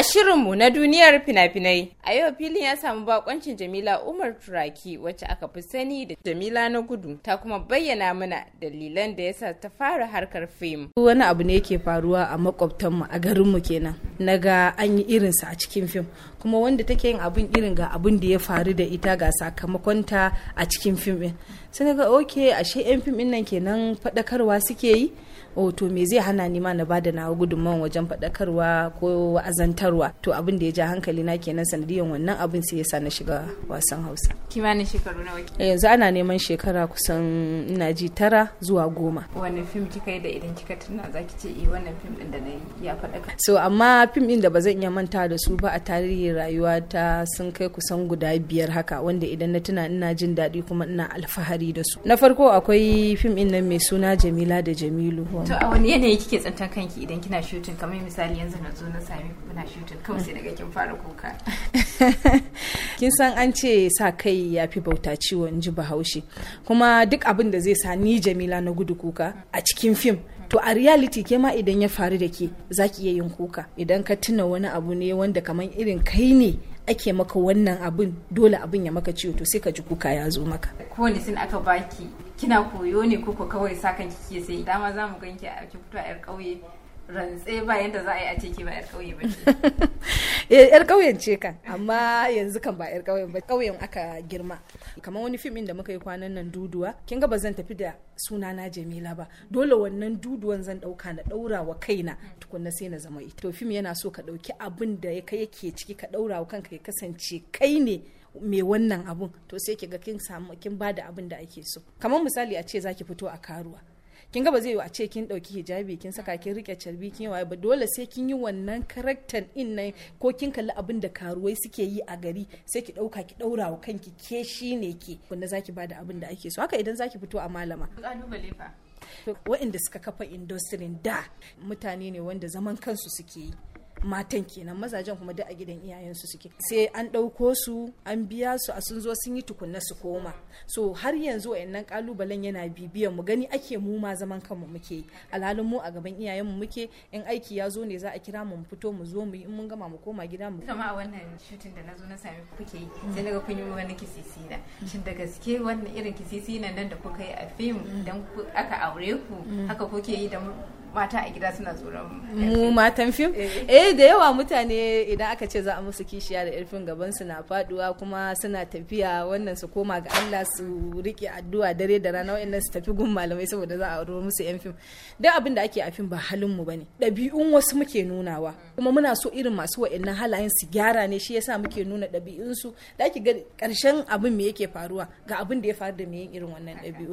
A shirinmu na duniyar fina-finai, a yau filin ya samu bakoncin Jamila Umar Turaki wacce aka fi sani da Jamila na gudu ta kuma bayyana mana dalilan da yasa ta fara harkar fim. Wani abu ne ke faruwa a makwabtanmu a garinmu kenan. na ga an yi irinsa a cikin fim kuma wanda take yin abin irin ga abin da ya faru da ita ga sakamakonta a cikin fim ɗin sai na ga ok ashe yan fim ɗin nan kenan faɗakarwa suke yi o oh, to me zai hana ni ma na bada na gudunman wajen faɗakarwa ko wa'azantarwa to abin da ya ja hankali na kenan sanadiyan wannan abin sai yasa na shiga wasan hausa kimanin shekaru nawa yanzu ana neman shekara kusan ina ji tara zuwa goma wani fim kika yi da idan kika tuna zaki ce eh wannan fim din da na yi ya faɗaka so amma fim ɗin da ba zan iya manta da su ba a tarihin rayuwa ta sun kai kusan guda biyar haka wanda idan na tuna ina jin daɗi kuma ina alfahari da su na farko akwai fim ɗin nan mai suna jamila da jamilu to a wani yanayi kike tsantan kanki idan kina shooting kamar misali yanzu na zo na sami kuna shooting kawai sai daga kin fara kuka kin san an ce sa kai ya fi bauta ciwo in ji bahaushe kuma duk abin da zai sa ni jamila na gudu kuka a cikin fim to a reality ke ma idan ya faru da ke za ki iya yin kuka idan ka tuna wani abu ne wanda kamar irin kai ne ake maka wannan abin dole abin ya maka ciwo to sai ka ji kuka ya zo maka kowane sun aka baki kina koyo ne koko kawai sakan kike sai dama za mu ganki a ki fito a yar ƙauye rantse ba yadda za a yi a ce ba 'yar ƙauye ba ce. yar eh, ƙauyen ce kan amma yanzu kan ba 'yar ƙauyen ba ƙauyen aka girma kamar wani fim da muka yi kwanan nan duduwa kin ga ba zan tafi da suna na jamila ba dole wannan duduwan zan ɗauka na ɗaura wa kaina tukunna sai na zama ita to fim yana so ka ɗauki abin da ya yake ciki ka ɗaura wa kanka ya kasance kai ne mai wannan abun to sai ki ga kin samu kin bada abin da ake so kamar misali a ce zaki fito a karuwa kin ga ba zai yi a ce kin ɗauki hijabi kin saka kin rike carbi kin yi ba dole sai kin yi wannan karaktan din nan ko kin kalli abin da karuwai suke yi a gari sai ki ɗauka ki daura wa kanki ke shi ne ke wanda zaki bada abin da ake so haka idan zaki fito a malama waɗanda suka kafa industry da mutane ne wanda zaman kansu suke yi matan kenan mazajen kuma duk a gidan iyayensu suke sai an ɗauko su an biya su a sun zo sun yi tukunna su koma so har yanzu nan kalubalen yana bibiyan mu gani ake mu ma zaman kanmu muke alhalin mu a gaban iyayenmu muke in aiki ya zo ne za a kira mu fito mu zo mu in mun gama mu koma gida mu kama a wannan shutin da na zo na sami kuke yi mm. sai daga kun yi wani kisisi na mm. shin da gaske wannan irin kisisi nan da kuka yi a fim mm. dan aka aure ku haka kuke yi da mata a gida suna tsoron mu matan fim eh. eh da yawa mutane idan aka ce za a musu kishiya da irfin gaban su na faduwa kuma suna tafiya wannan su koma ga Allah su rike addu'a dare da rana wayannan su tafi gun malamai saboda za a auro musu yan fim duk abin da ake a fim ba halin mu bane ɗabi'un wasu muke nunawa kuma muna so irin masu wayannan halayen su gyara ne shi yasa muke nuna ɗabi'un su da ake ga ƙarshen abin me yake faruwa ga abin da ya faru da me irin wannan dabi'u.